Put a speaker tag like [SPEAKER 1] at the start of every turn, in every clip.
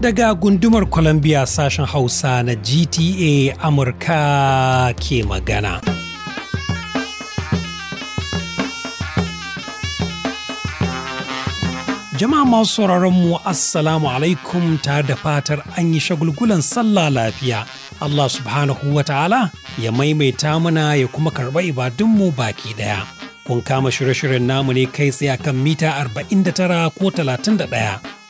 [SPEAKER 1] Daga gundumar Columbia sashen Hausa na GTA Amurka ke magana. Jama'a masu sauraron mu Assalamu alaikum tare da fatar an yi shagulgulan sallah lafiya. Allah subhanahu wa ta'ala ya maimaita mana ya kuma karɓa ibadunmu baki ɗaya. kun kama shirye-shiryen namu ne kai tsaye kan mita 49 ko 31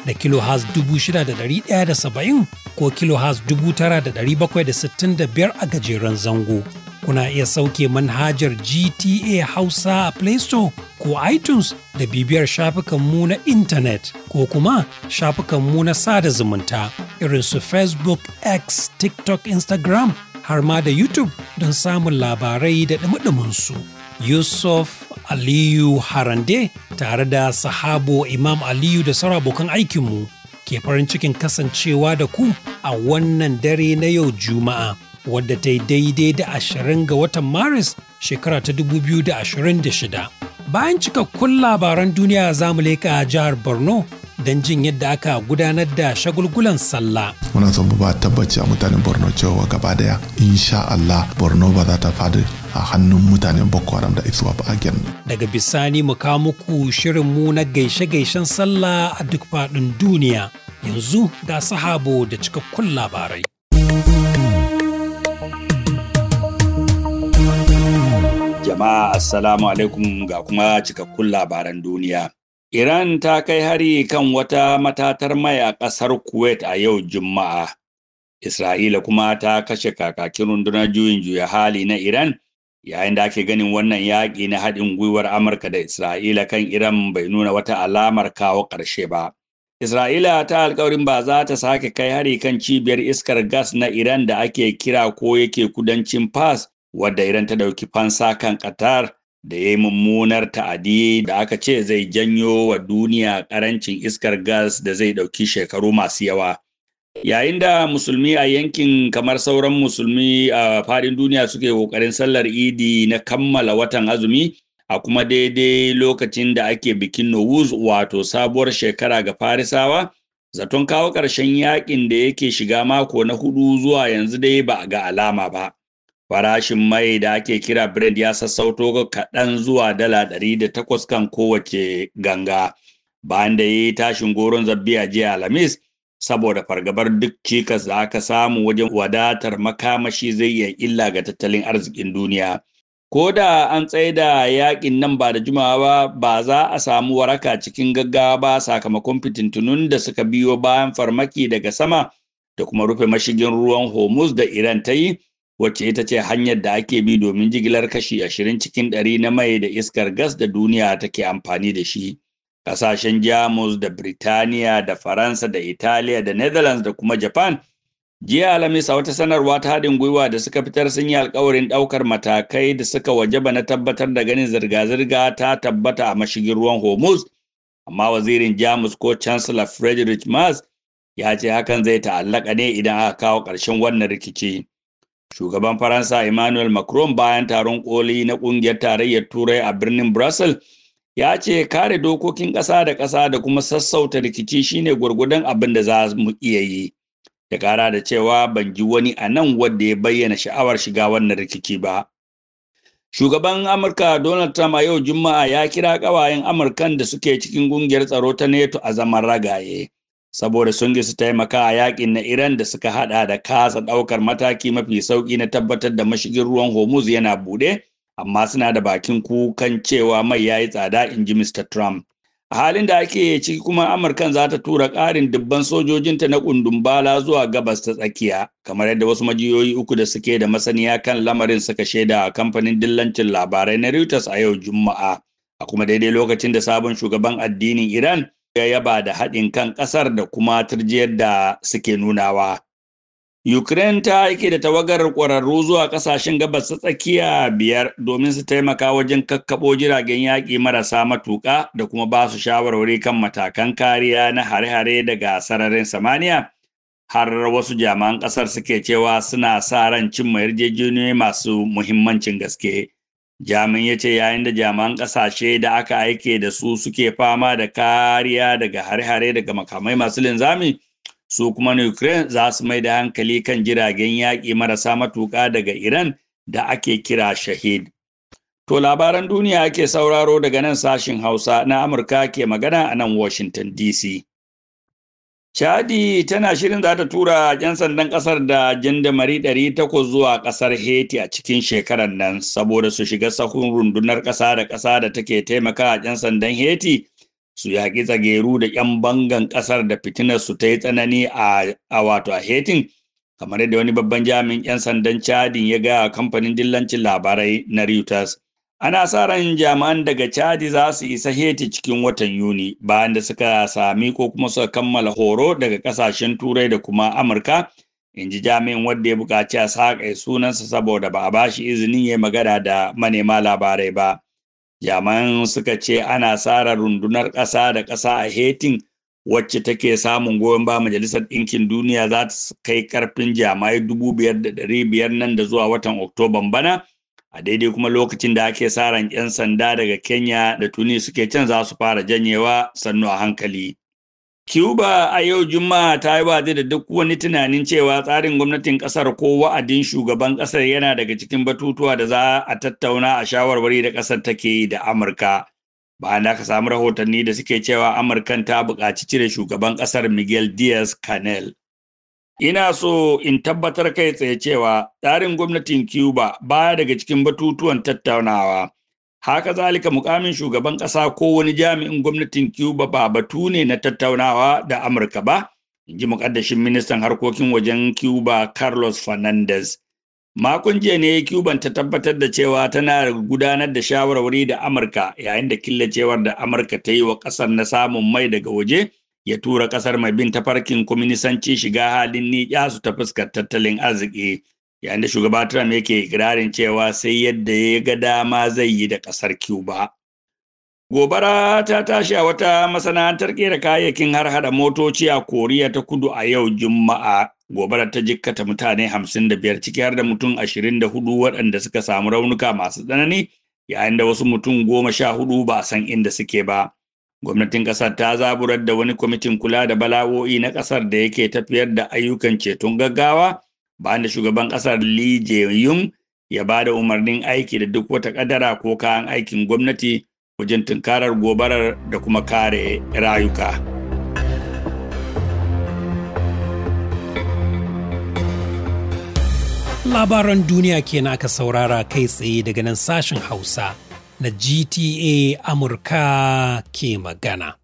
[SPEAKER 1] da kilo has 6,170 ko kilo has 9,765 a gajeren zango. Kuna iya sauke manhajar GTA Hausa a Play Store ko iTunes da bibiyar shafukanmu na intanet ko kuma shafukanmu na sada zumunta irin su Facebook, X, TikTok, Instagram har ma da YouTube don samun labarai da ɗumi su Yusuf Aliyu Harande tare da sahabo Imam Aliyu da sauran abokan aikinmu ke farin cikin kasancewa da ku a wannan dare na yau Juma'a wadda ta yi daidai da ashirin ga watan Maris shekara ta dubu biyu da ashirin da shida. Bayan cikakkun labaran duniya za mu a jihar Borno don jin yadda aka gudanar da shagulgulan
[SPEAKER 2] sallah. Muna son ba tabbaci a mutanen Borno cewa gaba daya, insha Allah Borno ba za ta fadi a hannun mutanen Boko Haram da Iswap Agen.
[SPEAKER 1] Daga bisani mu kawo shirin mu na gaishe-gaishen sallah a duk faɗin duniya. Yanzu ga sahabo da cikakkun labarai.
[SPEAKER 3] Jama'a Assalamu alaikum ga kuma cikakkun labaran duniya. Iran ta kai hari kan wata matatar mai a ƙasar Kuwait a yau Juma'a. Isra'ila kuma ta kashe kakakin rundunar juyin juya hali na Iran yayin da ake ganin wannan yaƙi na haɗin gwiwar amurka da isra'ila kan iran bai nuna wata alamar kawo ƙarshe ba isra'ila ta alkawarin ba za ta sake kai hari kan cibiyar iskar gas na iran da ake kira ko yake kudancin fas wadda iran ta ɗauki fansa kan qatar da ya yi mummunar ta'adi da aka ce zai janyo wa duniya ƙarancin iskar gas da zai ɗauki shekaru masu yawa Yayin da musulmi a yankin kamar sauran musulmi a faɗin duniya suke kokarin sallar idi na kammala watan azumi a kuma daidai lokacin da ake bikin No'wuz wato sabuwar shekara ga Farisawa, zaton kawo ƙarshen yakin da yake shiga mako na hudu zuwa yanzu dai ba ga alama ba. Farashin mai da ake kira brand ya sassauto kaɗan zuwa dala ɗari da takwas kan kowace ganga. Bayan da ya yi tashin goron zabbi a jiya Alhamis, saboda fargabar duk cikas da aka samu wajen wadatar makamashi zai iya illa ga tattalin arzikin duniya. Ko da an tsaida yakin nan ba da jimawa ba, ba za a samu waraka cikin gaggawa ba sakamakon fitintunun da suka biyo bayan farmaki daga sama da kuma rufe mashigin ruwan Hormuz da Iran ta yi, wacce ita ce hanyar da ake bi domin jigilar kashi ashirin cikin ɗari na mai da iskar gas da duniya take amfani da shi. Ƙasashen Jamus da Birtaniya da Faransa da Italiya da Netherlands da kuma Japan Jiya Alhamis a wata sanarwa ta haɗin gwiwa da suka fitar sun yi alkawarin ɗaukar matakai da suka wajaba na tabbatar da ganin zirga-zirga ta tabbata a mashigin ruwan Hormuz. Amma wazirin Jamus ko Chancellor Friedrich Merz ya ce hakan zai ta'allaka ne idan aka kawo ƙarshen wannan rikici. Shugaban Faransa Emmanuel Macron bayan taron koli na ƙungiyar tarayyar Turai a birnin Brussels ya ce kare dokokin ƙasa da ƙasa da kuma sassauta rikici shine gwargwadon abin da za mu iya yi ya ƙara da cewa ban ji wani a nan wanda ya bayyana sha'awar shiga wannan rikici ba shugaban amurka donald trump a yau juma'a ya kira ƙawayen amurkan da suke cikin ƙungiyar tsaro ta NATO a zaman ragaye saboda sun su taimaka a yakin na iran da suka hada da kasa ɗaukar mataki mafi sauƙi na tabbatar da mashigin ruwan hormuz yana buɗe amma suna da bakin kukan cewa mai ya yi tsada in ji Mr. Trump. A halin da ake ciki kuma Amurkan za ta tura ƙarin dubban sojojinta na bala zuwa gabas ta tsakiya, kamar yadda wasu majiyoyi uku da suke da masaniya kan lamarin suka shaida a kamfanin dillancin labarai na Reuters a yau Juma'a. A kuma daidai lokacin da sabon shugaban addinin Iran ya yaba da haɗin kan ƙasar da kuma turjiyar da suke nunawa. Ukraine ta yake da tawagar ƙwararru zuwa ƙasashen gabas ta tsakiya biyar domin su taimaka wajen kakkaɓo jiragen yaƙi marasa matuƙa da kuma ba su shawarwari kan matakan kariya na hare-hare daga sararin samaniya. Har wasu jami'an ƙasar suke cewa suna sa ran cimma yarjejeniyoyi masu muhimmancin gaske. Jami'in ya ce yayin da jami'an ƙasashe da aka aike da su suke fama da kariya daga hare-hare daga makamai masu linzami. su kuma na Ukraine za su mai da hankali kan jiragen yaƙi marasa matuƙa daga Iran da ake kira Shahid. To labaran duniya ake sauraro daga nan sashin Hausa na Amurka ke magana a nan Washington DC. Chadi tana shirin za ta tura 'yan sandan ƙasar da ɗari takwas zuwa ƙasar Haiti a cikin shekarar nan saboda su shiga sahun rundunar ƙasa da ƙasa da take taimaka 'yan sandan Haiti su yaƙi tsageru da 'yan bangan ƙasar da fitinar su ta yi tsanani a wato a hetin kamar yadda wani babban jami'in 'yan sandan chadin ya gaya kamfanin dillancin labarai na reuters ana sa ran jami'an daga chadi za su isa heti cikin watan yuni bayan da suka sami ko kuma suka kammala horo daga ƙasashen turai da kuma amurka in ji jami'in wadda ya buƙaci a saƙa sunansa saboda ba a ba shi izinin ya magana da manema labarai ba jaman suka ce ana tsara rundunar ƙasa da ƙasa a hetin wacce take samun goyon ba majalisar ɗinkin duniya za ta kai ƙarfin jamai dubu biyar da ɗari biyar nan da zuwa watan oktoban bana a daidai kuma lokacin da ake sa 'yan sanda daga kenya da tunis suke can za su fara janyewa sannu a hankali Cuba a yau Juma'a ta yi waje da duk wani tunanin cewa tsarin gwamnatin kasar ko wa'adin shugaban kasar yana daga cikin batutuwa da za a tattauna a shawarwari da kasar take yi da Amurka. Ba da ka samu rahotanni da suke cewa Amurkan ta buƙaci cire shugaban kasar Miguel Diaz Canel. Ina so in tabbatar kai tsaye cewa tsarin gwamnatin Cuba baya daga cikin batutuwan tattaunawa. haka zalika mukamin shugaban ƙasa ko wani jami'in gwamnatin cuba ba batu ne na tattaunawa da amurka ba in ji mukaddashin ministan harkokin wajen cuba carlos fernandez makon jiya ne Cuba ta tabbatar da cewa tana gudanar da shawarwari da amurka yayin da killacewar da amurka ta yi wa ƙasar na samun mai daga waje ya tura ƙasar mai bin tafarkin kwaminisanci shiga halin ya su ta fuskar tattalin arziki yayin da shugaba Trump yake ikirarin cewa sai yadda ya ga dama zai yi da ƙasar Cuba. Gobara ta tashi a wata masana'antar ƙera kayayyakin har hada motoci a Koriya ta kudu a yau Juma'a. Gobara ta jikkata mutane hamsin ciki har da mutum ashirin waɗanda suka samu raunuka masu tsanani yayin da wasu mutum goma sha hudu ba san inda suke ba. Gwamnatin ƙasar ta zaburar da wani kwamitin kula da bala'o'i na ƙasar da yake tafiyar da ayyukan ceton gaggawa bayan da shugaban ƙasar Lee jae ya ba da umarnin aiki da duk wata kadara ko kayan aikin gwamnati wajen tunkarar gobarar da kuma kare rayuka.
[SPEAKER 1] Labaran duniya kenan aka saurara kai tsaye daga nan sashen Hausa na GTA Amurka ke magana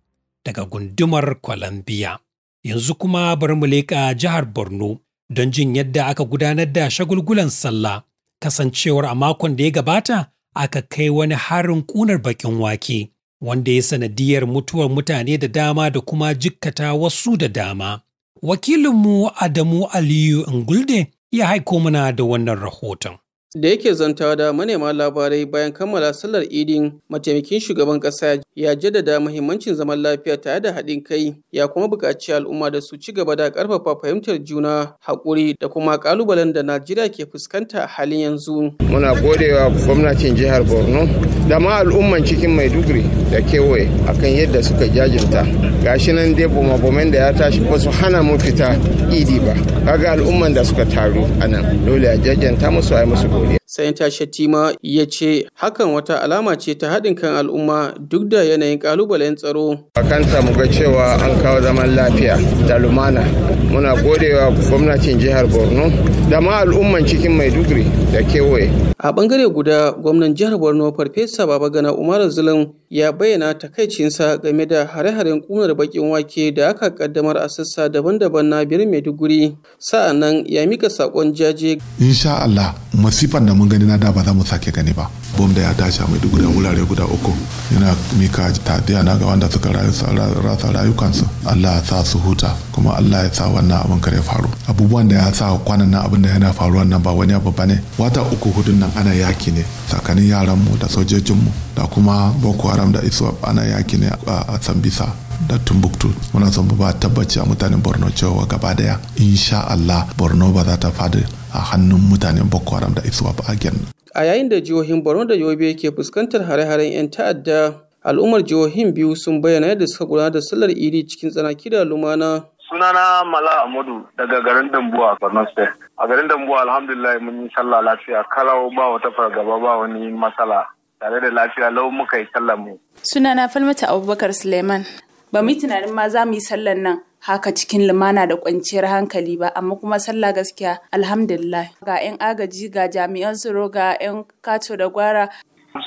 [SPEAKER 1] daga gundumar Columbia. Yanzu kuma bari mu leƙa jihar Borno. don jin yadda aka gudanar da shagulgulan sallah kasancewar a makon da ya gabata aka kai wani harin ƙunar bakin wake wanda ya sanadiyar mutuwar mutane da dama da kuma jikkata wasu da dama. Wakilinmu Adamu Aliyu Ingulde ya haiko mana da wannan rahoton. da yake zantawa
[SPEAKER 4] da manema labarai bayan kammala sallar idin mataimakin shugaban kasa ya jaddada mahimmancin zaman lafiya tare da haɗin kai ya kuma buƙaci al'umma da su ci gaba da ƙarfafa fahimtar juna haƙuri da kuma ƙalubalen da najeriya ke fuskanta a halin yanzu muna godewa gwamnatin jihar borno da ma al'umman cikin maiduguri da kewaye akan yadda suka jajinta gashi nan dai bumabumen da ya tashi ba su hana mu fita idi ba kaga al'umman da suka taru a nan dole a jajanta musu a yi musu godiya Sanita Shatima ya ce hakan wata alama ce ta haɗin kan al'umma duk da yanayin ƙalubalen tsaro. Bakanta mu ga cewa an kawo zaman lafiya da lumana. Muna godewa gwamnatin jihar Borno da ma al'umman cikin Maiduguri da kewaye. A ɓangare guda gwamnan jihar Borno Farfesa Babagana Umaru Zulun. ya bayyana takaicinsa game da hare-haren ƙunar bakin wake da aka kaddamar a sassa daban-daban na birnin Maiduguri. Sa'annan ya mika saƙon jaje.
[SPEAKER 2] Insha Allah, masifan da mun gani na da ba za mu sake gani ba. bom da ya tashi a maiduguri a wurare guda uku yana mika tadiya na ga wanda suka rasa rayukansu allah ya sa su huta kuma allah ya sa wannan abin kare faru abubuwan da ya sa kwanan nan abin da yana faruwa nan ba wani abu bane wata uku hudun nan ana yaki ne tsakanin yaran mu da sojojinmu da kuma boko haram da iswa ana yaki ne a sambisa da tumbuktu muna son ba tabbaci a mutanen borno cewa gaba daya insha allah borno ba za ta fadi a hannun mutanen boko haram da iswap agen
[SPEAKER 4] a yayin da jihohin borno da yobe ke fuskantar hare-haren 'yan ta'adda al'ummar jihohin biyu sun bayyana yadda suka gudanar da sallar idi cikin tsanaki da lumana
[SPEAKER 5] sunana mala amadu daga garin dambuwa borno state a garin dambuwa alhamdulillah mun yi sallah lafiya kalau ba wata fargaba ba wani matsala tare da lafiya lau muka yi sallar mu
[SPEAKER 6] sunana falmata abubakar suleiman ba mu yi tunanin ma za mu yi sallar nan haka cikin lumana da kwanciyar hankali ba amma kuma sallah gaskiya alhamdulillah ga 'yan agaji ga jami'an tsaro ga 'yan kato da gwara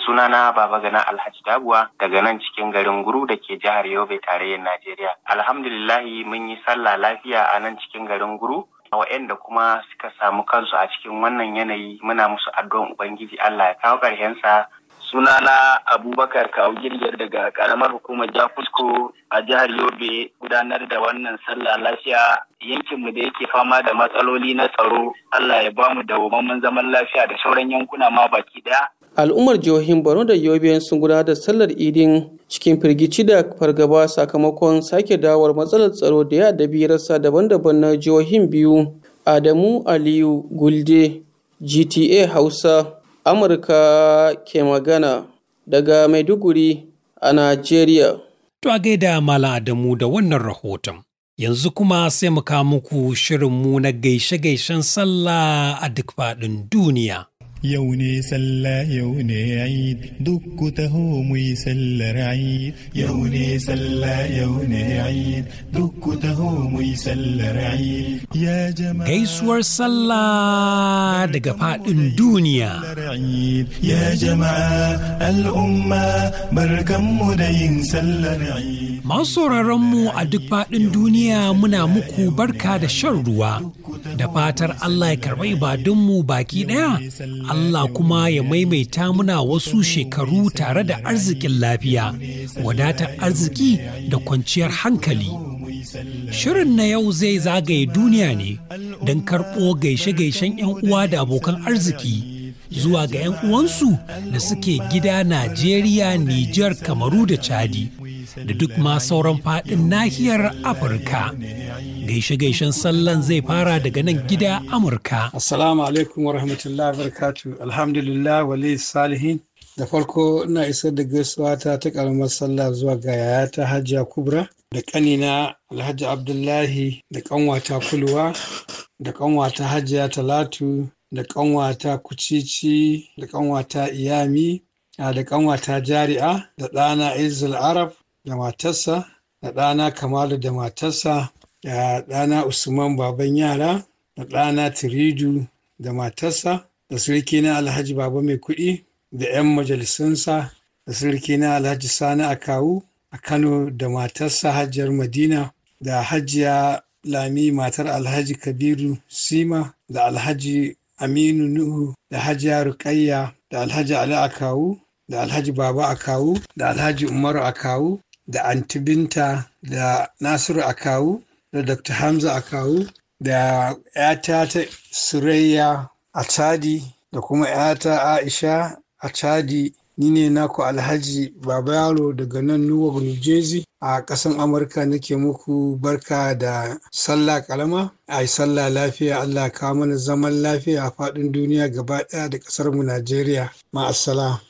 [SPEAKER 4] sunana baba gana alhaji dabuwa daga nan cikin garin guru da ke jihar yobe tarayyar najeriya alhamdulillahi mun yi sallah lafiya a nan cikin garin guru waɗanda kuma suka samu kansu a cikin wannan yanayi muna musu addu'an ubangiji allah ya kawo ƙarshensa sunana abubakar kawo girgir daga karamar hukumar
[SPEAKER 3] jakusko a jihar yobe gudanar da wannan sallah lafiya yankinmu da yake fama da matsaloli na tsaro allah ya bamu da wamman zaman lafiya da sauran yankuna ma baki daya
[SPEAKER 4] al'ummar jihohin Baro da yobe sun gudanar da sallar idin cikin firgici da fargaba sakamakon sake dawar matsalar tsaro da ya adabi rasa daban-daban na jihohin biyu adamu aliyu gulde gta hausa Amurka ke magana daga Maiduguri a Najeriya.
[SPEAKER 1] To a gaida Malam Adamu da wannan rahoton. Yanzu kuma sai mu kawo muku shirinmu na gaishe-gaishen sallah a duk faɗin duniya. yau ne
[SPEAKER 7] sallah yau ne aid duk ku taho muyi sallar aid yau ne sallah yau ne aid duk ku taho mu yi sallar aid ya jama'a
[SPEAKER 1] gaisuwar sallah daga fadin duniya ya
[SPEAKER 7] jama'a al'umma barkan mu da yin
[SPEAKER 1] sallar aid masu sauraron mu a duk fadin duniya muna muku barka da shan ruwa da fatar Allah ya karɓi ibadunmu baki ɗaya Allah kuma ya maimaita muna wasu shekaru tare da arzikin lafiya, wadatar arziki da kwanciyar hankali. Shirin na yau zai zagaye duniya ne don karɓo gaishe-gaishen 'yan uwa da abokan arziki zuwa ga 'yan uwansu da suke gida Najeriya, Nijar, Kamaru da Chadi da duk ma sauran faɗin nahiyar Afirka. Gaishe-gaishen sallan zai fara daga nan gida Amurka.
[SPEAKER 7] Assalamu alaikum wa rahmatullahi barakatu. Alhamdulillah wali salihin. Da farko ina isar da gaisuwa ta ta karamar sallah zuwa ga ta hajja Kubra da kanina Alhaji Abdullahi da kanwata Kulwa da kanwata hajja Talatu da kanwata Kucici da kanwata Iyami da kanwata Jari'a da ɗana Izil Arab da matarsa da ɗana Kamalu da matarsa da ɗana usman baban yara da ɗana tiridu da matarsa da sulki na alhaji baba mai kuɗi da 'yan majalisunsa da sulki na alhaji sani a kawu a kano da matarsa hajiyar madina da hajiya lami matar alhaji kabiru sima da alhaji aminu nuhu da hajiya rukayya da alhaji ali akawu da alhaji baba akawu da alhaji umaru akawu da antibinta da nasiru akawu da Dr. Hamza Akawu da ‘yata ta Surayya a Chadi da kuma ‘yata Aisha a Chadi ni ne naku Alhaji Baba Yaro daga nan Newark, New Jersey a ƙasan Amurka nake muku barka da sallah kalama a yi sallah lafiya Allah ka mana zaman lafiya a faɗin duniya gaba ɗaya da ƙasar mu Najeriya
[SPEAKER 8] ma'asala.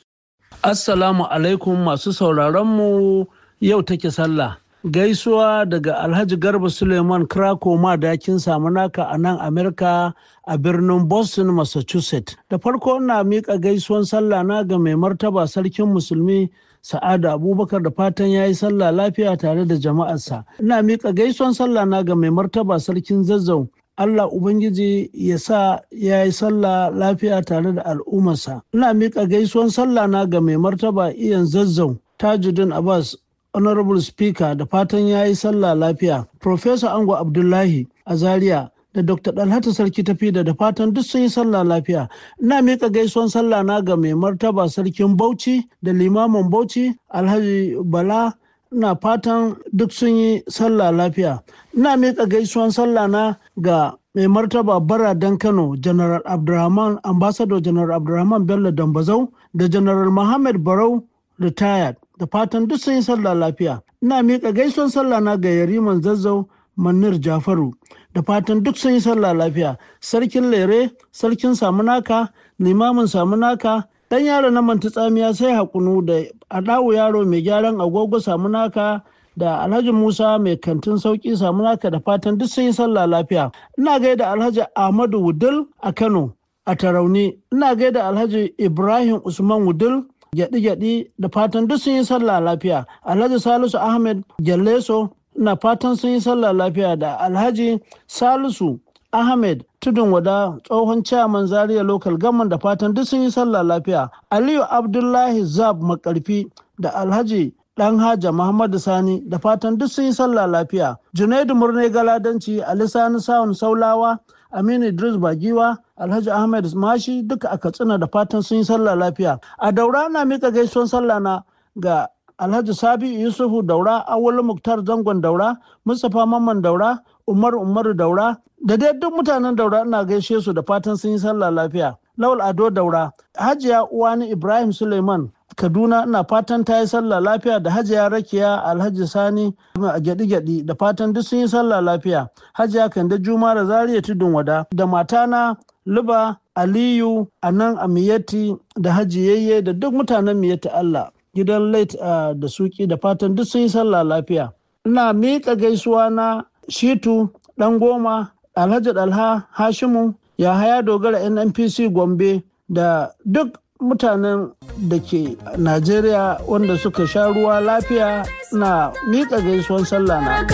[SPEAKER 8] Assalamu alaikum masu sauraron mu yau take sallah. gaisuwa daga alhaji garba suleiman krako kin samu naka a nan amerika a birnin boston massachusetts da farko na miƙa gaisuwan sallah na ga mai martaba sarkin musulmi sa'ada abubakar da fatan ya yi sallah lafiya tare da jama'arsa ina miƙa gaisuwan sallah na ga mai martaba sarkin zazzau Allah Ubangiji ya sa ya yi sallah lafiya tare da al'ummarsa. Ina miƙa gaisuwan sallah na ga mai martaba iyan zazzau Tajudin Abbas honorable speaker da fatan ya yi sallah lafiya professor ango abdullahi a zaria da dr dalhata sarki tafi da fatan duk sun yi sallah lafiya ina miƙa gaisuwan sallah na ga mai martaba sarkin bauchi da limamin bauchi alhaji bala na fatan duk sun yi sallah lafiya ina miƙa gaisuwan sallah na ga mai martaba bara dan kano general abdurrahman ambassador general Abdurrahman bello dambazau da general mohammed barau retired da fatan duk sun yi sallah lafiya ina miƙa gaisuwan sallah na ga yariman zazzau manir jafaru da fatan duk sun yi sallah lafiya sarkin lere sarkin samunaka limamin samunaka dan yaro na manta tsamiya sai hakunu da adawu yaro mai gyaran agogo samunaka da alhaji musa mai kantin sauki samunaka da fatan duk sun yi sallah lafiya ina gaida alhaji ahmadu wudul a kano a tarauni ina gaida alhaji ibrahim usman wudul gyaɗi-gyaɗi da fatan duk sun yi sallah lafiya alhaji salisu ahmed gyalleso na fatan sun yi sallah lafiya da alhaji salisu ahmed tudun wada tsohon chairman zaria local government da fatan duk sun yi sallah lafiya aliyu abdullahi zab makarfi da alhaji dan haja muhammadu sani da fatan duk sun yi sallah lafiya junaidu murne galadanci alisani sa'un saulawa aminu idris bagiwa alhaji ahmed mashi duka a katsina da fatan sun yi sallah lafiya a daura na mika gaisuwan sallah na ga alhaji sabi yusufu daura awul muktar zangon daura mustapha mamman daura umar umaru daura da dai duk mutanen daura ina gaishe su da fatan sun yi sallah lafiya lawal ado daura hajiya uwani ibrahim suleiman kaduna ina fatan ta yi sallah lafiya da hajiya rakiya alhaji sani a gyaɗi-gyaɗi da fatan duk sun yi sallah lafiya hajiya kande juma da zariya tudun wada da matana luba aliyu a nan a miyati da hajiyayye da duk mutanen miyati allah gidan lait da suki da fatan duk sun yi sallah lafiya ina miƙa gaisuwa na shitu ɗan goma alhaji dalha hashimu yahaya dogara nnpc gombe da duk mutanen da ke najeriya wanda suka sha ruwa lafiya na miƙa gaisuwan sallah na.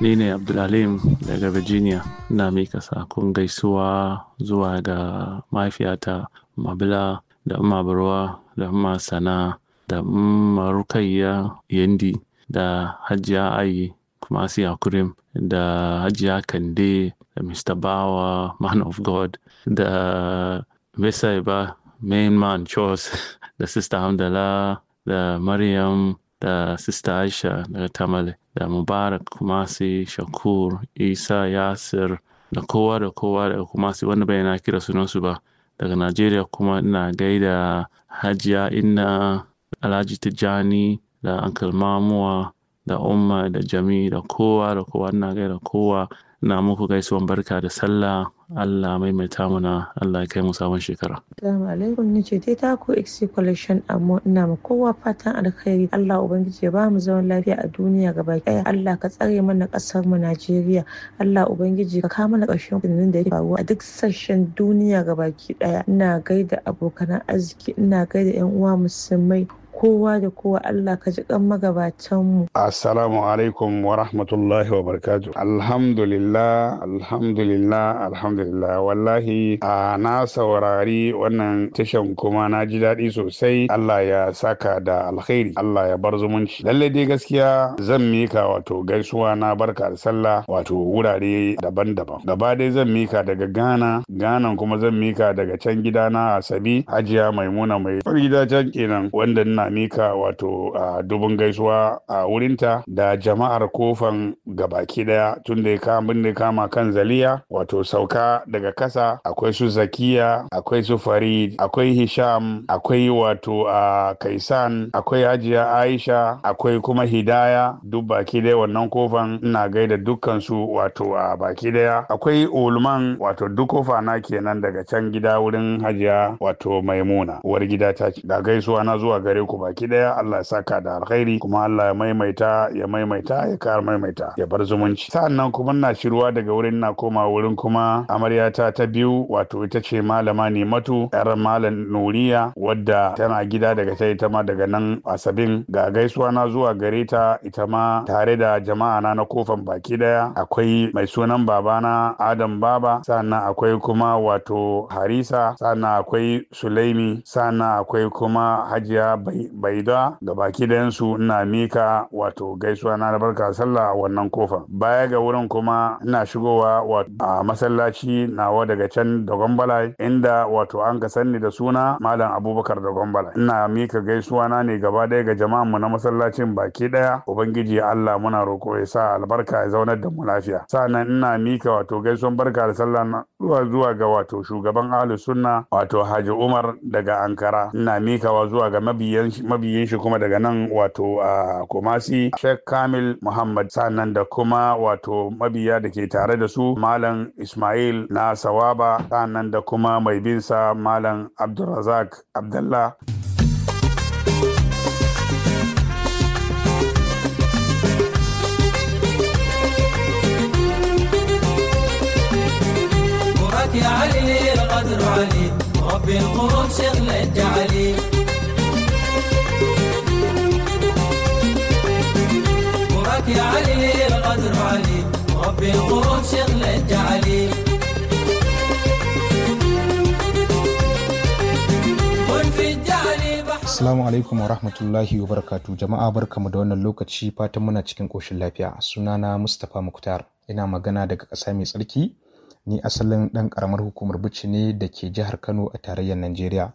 [SPEAKER 8] Ni ne Abdulhalim daga Virginia, na mika sakon gaisuwa zuwa ga mahaifiyata Mabila da Mabarwa da Masana da Umma Yendi da Hajiya Ayi kuma Asiya Kurim da Hajiya Kande da Mr. Bawa Man of God da Mesa ba Main Man Chos da Sister Hamdala da Maryam da Sister Aisha daga Tamale. da mubarak kumasi shakur isa yasir da kowa da kowa kuma kumasi wanda bai na kira sunansu ba daga najeriya kuma ina gaida hajiya Inna, alhaji tijjani da ankalmamuwa da umma da jami da kowa da kowa ina gaida kowa na muku gaisuwan barka da sallah Allah maimaita muna Allah kai mu sabon shekara.
[SPEAKER 6] Assalamu alaikum ni ce dai ta ko XC collection amma ina ma kowa fatan alkhairi Allah ubangiji ya ba mu zaman lafiya a duniya gaba ɗaya Allah ka tsare mana kasar mu Najeriya Allah ubangiji ka kawo mana ƙarshen kudin da yake faruwa a duk sashen duniya gaba ɗaya ɗaya ina gaida abokan arziki ina gaida ƴan uwa musulmai kowa da kowa Allah ka ji kan magabatanmu.
[SPEAKER 5] Assalamu alaikum wa rahmatullahi wa barkatu. Alhamdulillah, alhamdulillah, alhamdulillah. Wallahi a na saurari wannan tashan kuma na ji daɗi sosai. Allah ya saka da alkhairi, Allah ya bar zumunci. Lallai dai gaskiya zan mika wato gaisuwa na barka da sallah wato wurare daban-daban. Gaba dai zan mika daga Gana, Ghana kuma zan mika daga can gidana Asabi, Hajiya Maimuna mai farida can kenan wanda ina Amika mika wato a dubun gaisuwa a wurinta da jama'ar kofan gabaki daya tun da ya kama kama kan zaliya wato sauka daga kasa akwai su zakiya akwai su farid akwai hisham akwai wato a kaisan akwai hajiya aisha akwai kuma hidaya duk baki daya wannan kofan ina gaida dukkan su wato a baki daya akwai ulman wato duk na kenan daga can gida wurin hajiya wato maimuna uwar gida ta da gaisuwa na zuwa gare ku baki daya Allah ya saka da alkhairi kuma Allah ya maimaita ya maimaita ya kar maimaita ya bar zumunci sannan kuma na shiruwa daga wurin na koma wurin kuma amaryata ta biyu wato ita ce malama ne matu yar malam nuriya wadda tana gida daga ta ita ma daga nan asabin ga gaisuwa na zuwa gare ta ita ma tare da jama'a na na kofan baki daya akwai mai sunan babana adam baba sannan akwai kuma wato harisa sannan akwai sulaimi sannan akwai kuma hajiya bai Baida ga baki dayansu ina mika wato gaisuwa na da sallah a wannan kofa. Baya ga wurin kuma ina shigowa wato a masallaci nawa daga can da Gwambala inda wato an ka sanni da suna Malam Abubakar da Gwambala. Ina mika gaisuwa na ne gaba ɗaya ga jama'an mu na masallacin baki daya Ubangiji Allah muna roƙo ya sa albarka ya zaunar da mu lafiya. Sa'annan ina mika wato gaisuwan barka da sallah zuwa zuwa ga wato shugaban Ahlus Sunna wato Haji Umar daga Ankara. Ina mikawa zuwa ga mabiyan mabiyin shi kuma daga nan wato a Kumasi Sheikh Kamil Muhammad sannan da kuma wato mabiya da ke tare da su Malam Ismail na Sawaba sannan da kuma mai binsa Malam Abdulrazak Abdullah.
[SPEAKER 1] يا علي القدر علي
[SPEAKER 3] ربي القرون شغل الجعلي يا علي القدر علي ربي شغل الجعلي
[SPEAKER 7] Assalamu alaikum wa rahmatullahi wa barakatu jama'a barkamu da wannan lokaci fatan muna cikin ƙoshin lafiya sunana Mustapha Muktar ina magana daga ƙasa mai tsarki ni asalin ɗan ƙaramar hukumar bici ne da ke jihar Kano a tarayyar Najeriya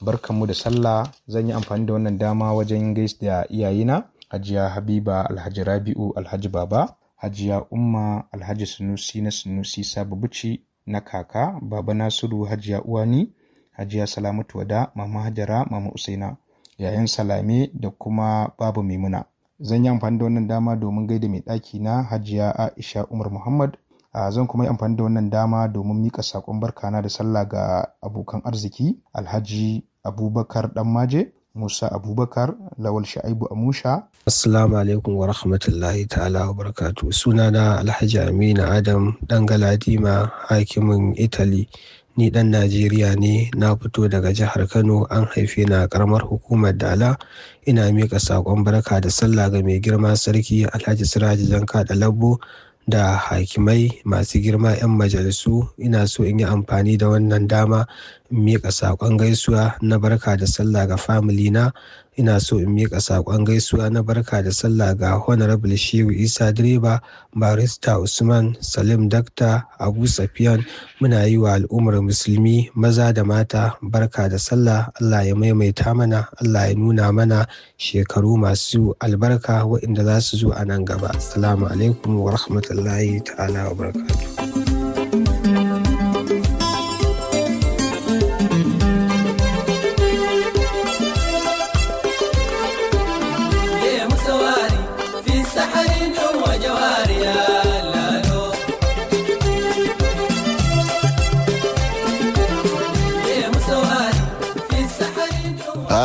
[SPEAKER 7] barkamu da sallah zan yi amfani da wannan dama wajen gaisa da iyayena Hajiya Habiba Alhaji Rabi'u Alhaji Baba, Hajiya Umma Alhaji Sunusi na Sunusi Sababuci na kaka, Baba Nasiru Hajiya Uwani, Hajiya Salamatu Wada, Mama Hajara, Mama Usaina, yayan Salame da kuma Babu Maimuna. Zan yi amfani da wannan dama domin gaida mai ɗaki na Hajiya Aisha Umar Muhammad. Uh, zan kuma yi amfani da wannan dama domin mika saƙon barkana da sallah ga abokan arziki Alhaji Abubakar Ɗanmaje, Musa Abubakar, Lawal Sha'ibu Amusha. Assalamu alaikum wa rahmatullahi ta'ala wa barakatu. Sunana Alhaji Aminu Adam ɗan Galadima hakimin Italy. Ni ɗan Najeriya ne na fito daga jihar Kano an haife na karamar hukumar Dala. Ina miƙa saƙon barka da sallah ga mai girma sarki Alhaji Siraji Janka da Labbo da hakimai masu girma 'yan majalisu ina so in yi amfani da wannan dama in miƙa saƙon gaisuwa na barka da sallah ga famili na ina so in miƙa saƙon gaisuwa na barka da sallah ga honorable shehu isa direba barista usman salim dakta abu safiyan muna yi wa al'ummar musulmi maza da mata barka da sallah allah ya maimaita mana allah ya nuna mana shekaru masu albarka waɗanda za su zo a nan gaba assalamu alaikum wa rahmatullahi ta'ala wa barakatuh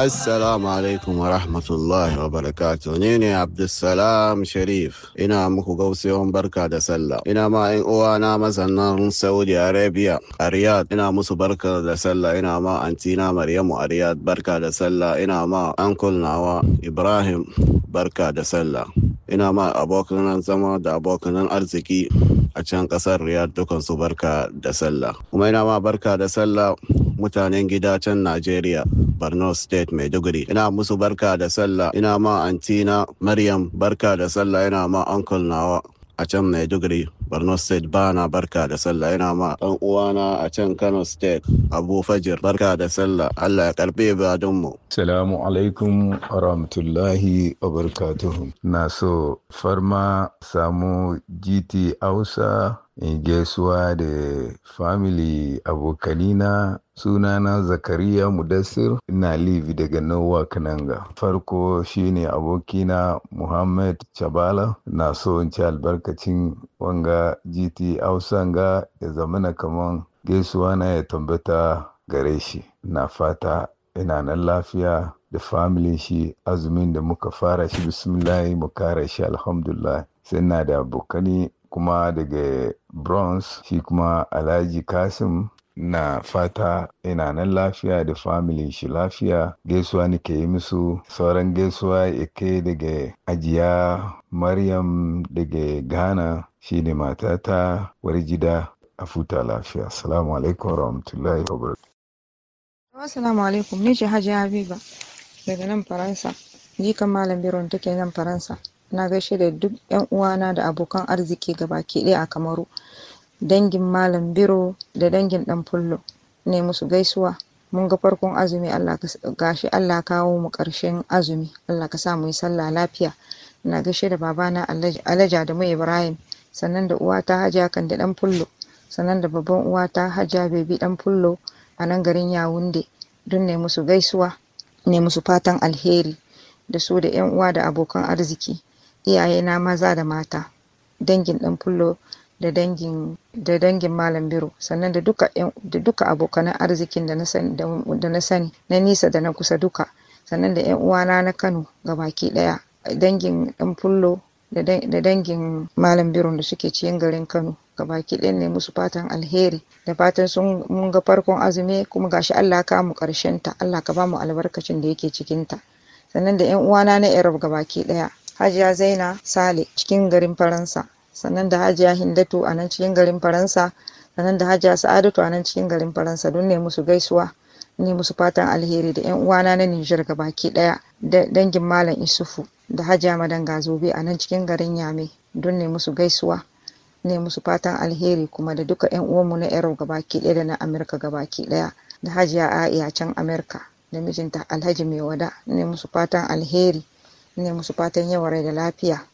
[SPEAKER 8] Assalamu alaikum wa rahmatullahi wa barakatuh. Ni ne Abdulsalam Sharif. Ina muku gausayon barka da sallah. Ina ma in uwana masannan Saudi Arabia a Riyadh. Ina musu barka da sallah. Ina ma antina Maryamu a Riyadh barka da sallah. Ina ma ankul nawa Ibrahim barka da sallah. ina ma abokanan zama da abokanan arziki a can kasar riyadh dukan su barka da sallah kuma ina ma barka da sallah mutanen gida can najeriya borno state maiduguri ina musu barka da sallah ina ma antina maryam barka da sallah ina ma uncle nawa a can Maiduguri, Borno State bana barka da sallah yana ma ɗan uwana a can Kano State Abu Fajir barka da sallah Allah ya karbe ibadun mu.
[SPEAKER 9] Salamu alaikum wa rahmatullahi wa barakatuhu. Na so farma samu GT Hausa in gaisuwa da family abokanina Sunana Zakariya Mudassir ina Livi daga Nowa Kananga. Farko shine abokina Muhammad Chabala na so in ci albarkacin wanga GT Hausanga ya zamana kaman gaisuwa na ya tambata gare shi. Na fata ina nan lafiya da familin shi azumin da muka fara shi bismillahi mu kara shi alhamdulillah sai na da abokani kuma daga bronze shi kuma alhaji kasim na fata ina nan lafiya da family shi lafiya gaisuwa ke yi musu sauran gaisuwa ike daga ajiya maryam daga ghana shi ne matata warjida a futa lafiya assalamu alaikum warahmatullahi wabarakatuh
[SPEAKER 2] assalamu alaikum ni ce hajji habiba daga nan faransa jikan malam biron take nan faransa na gaishe da duk yan uwana da abokan arziki gabaki ɗaya a kamaru dangin malam biro da dangin dan fullo ne musu gaisuwa mun ga farkon azumi Allah ka gashi Allah kawo mu karshen azumi Allah ka sa mu yi sallah lafiya ina gaishe da babana Alhaji da mai Ibrahim sannan da uwata Hajiya kan da dan fullo sannan da babban uwata Hajiya Bebi dan fullo a nan garin Yawunde Don ne musu gaisuwa ne musu fatan alheri da su da yan uwa da abokan arziki Iyayena maza da mata dangin dan fullo da dangin da dangin malam biro sannan da duka da duka abokanan arzikin da na sani da na sani na nisa da na kusa duka sannan da yan uwana na Kano gabaki daya dangin dan fullo da dangin malam biro da suke cikin garin kano baki ɗaya ne musu fatan alheri da fatan sun mun ga farkon azumi kuma gashi allah ka mu karshen ta allah ka ba mu albarkacin da yake cikin ta sannan da yan uwana na arab gabaki ɗaya hajiya zaina sale cikin garin faransa sannan da hajiya hindatu a nan cikin garin faransa sannan da hajiya sa'adatu a nan cikin garin faransa don ne musu gaisuwa ne musu fatan alheri da yan uwana na nijar gabaki daya dangin malam isufu da hajiya madanga zobe a nan cikin garin yame don ne musu gaisuwa ne musu fatan alheri kuma da duka yan uwanmu na ga gabaki daya da na amurka gabaki daya da hajiya a can amurka da mijinta alhaji mai wada ne musu fatan alheri ne musu fatan yawan rai da lafiya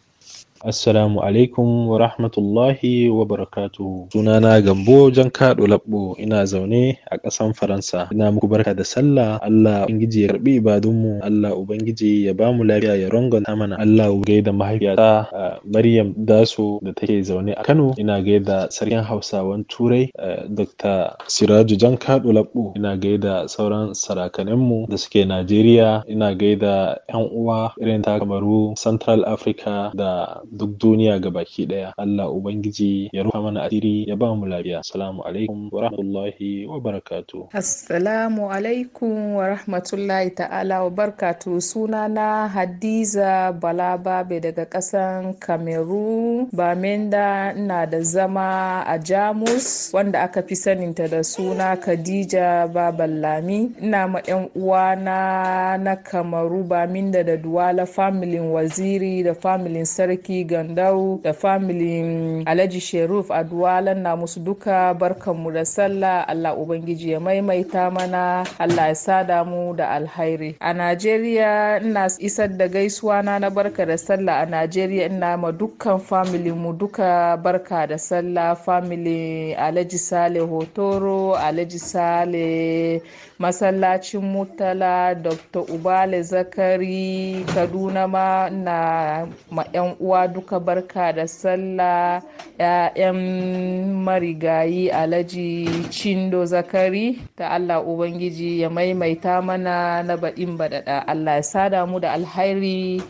[SPEAKER 8] Assalamu alaikum wa rahmatullahi wa barakatu. Sunana Gambo Jan Kaɗo Labbo ina zaune a ƙasan Faransa. Ina muku barka da sallah. Allah Ubangiji ya karbi ibadunmu. Allah Ubangiji ya ba mu lafiya ya rongonta mana. Allah gaida da mahaifiyata Maryam Daso da take zaune a Kano. Ina gaida sarkin Hausawan Turai Dr. Siraju Jan Kaɗo Labbo. Ina gaida sauran sarakaninmu da suke Najeriya. Ina gaida 'yan uwa irin ta Kamaru, Central Africa da duk duniya ga baki daya Allah ubangiji ya ruha mana asiri ya ba mu lafiya assalamu alaikum wa rahmatullahi wa barakatu.
[SPEAKER 6] assalamu alaikum wa rahmatullahi ta'ala wa suna sunana Hadiza Balababe daga kasan Cameroon Baminda ina da zama a Jamus wanda aka fi saninta da suna Khadija Baballami ina ma 'yan uwana na Kamaru Baminda da Duwala familin waziri da familin sarki Gandau da family mm, alaji Sheruf Adwalan na musu duka mu da sallah Allah Ubangiji ya maimaita mana Allah ya sada mu da alhairi. A Najeriya ina isar da gaisuwa na na barka da sallah a Najeriya ina ma dukkan family mu duka barka da sallah family Alhaji Sale Hotoro Alhaji Sale masallacin murtala dr ubale zakari kaduna ma na ma yan uwa duka barka da sallah ya'yan marigayi alhaji cindo zakari ta allah ubangiji ya maimaita mana na baɗin baɗaɗa allah ya sada mu da alhairi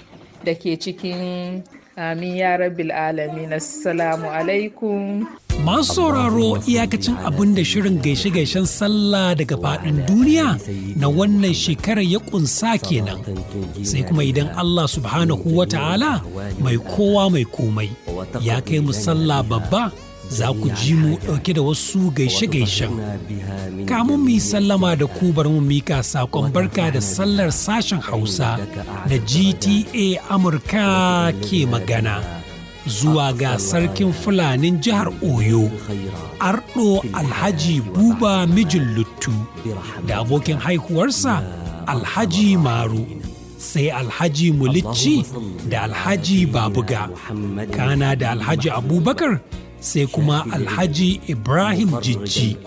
[SPEAKER 6] da ke cikin amin ya rabbil alamin assalamu alaikum
[SPEAKER 1] Masu sauraro iyakacin abin da shirin gaishe-gaishen sallah daga faɗin duniya na wannan shekarar ya ƙunsa kenan. Sai kuma idan Allah subhanahu wa ta'ala mai kowa mai komai ya kai mu sallah babba za ku ji mu ɗauke da wasu gaishe-gaishen. Kamun mu yi sallama da ku bar mu mika saƙon barka da sallar sashen Hausa da GTA Amurka ke magana. zuwa ga sarkin fulanin jihar oyo ardo alhaji buba mijin luttu da abokin haihuwarsa alhaji maru sai alhaji mulicci da alhaji babuga kana da alhaji abubakar sai kuma alhaji ibrahim jijji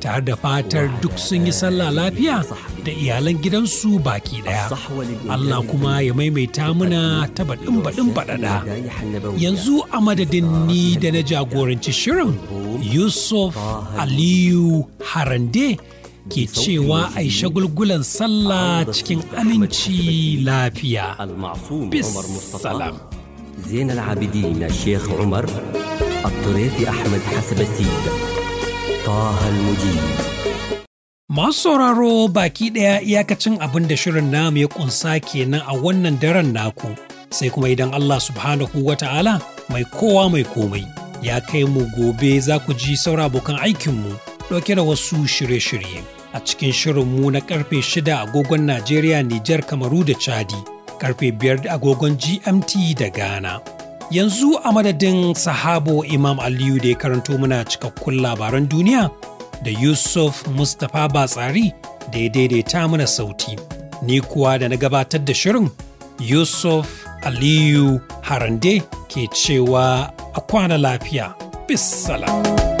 [SPEAKER 1] tare da fatar duk sun yi sallah lafiya da iyalan gidansu baki daya allah kuma ya maimaita muna ta baɗin baɗin baɗaɗa yanzu a madadin ni da na jagoranci shirin yusuf aliyu harande ke cewa a yi shagulgulan sallah cikin aminci lafiya bis salam زين umar التراثي أحمد حسب السيد طه المجيد Masu sauraro baki ɗaya iyakacin abin da shirin namu ya ƙunsa kenan a wannan daren naku, sai kuma idan Allah subhanahu wa ta'ala mai kowa mai komai ya kai mu gobe za ku ji saura abokan aikinmu ɗauke da wasu shirye-shirye. A cikin shirinmu na karfe shida agogon Najeriya, Nijar, Kamaru da Chadi, karfe biyar agogon GMT da Ghana. Yanzu a madadin sahabo Imam Aliyu da ya karanto muna cikakkun labaran duniya da Yusuf Mustapha Batsari da ya daidaita mana sauti. Ni kuwa da na gabatar da shirin Yusuf Aliyu Harande ke cewa a kwana lafiya. bisala.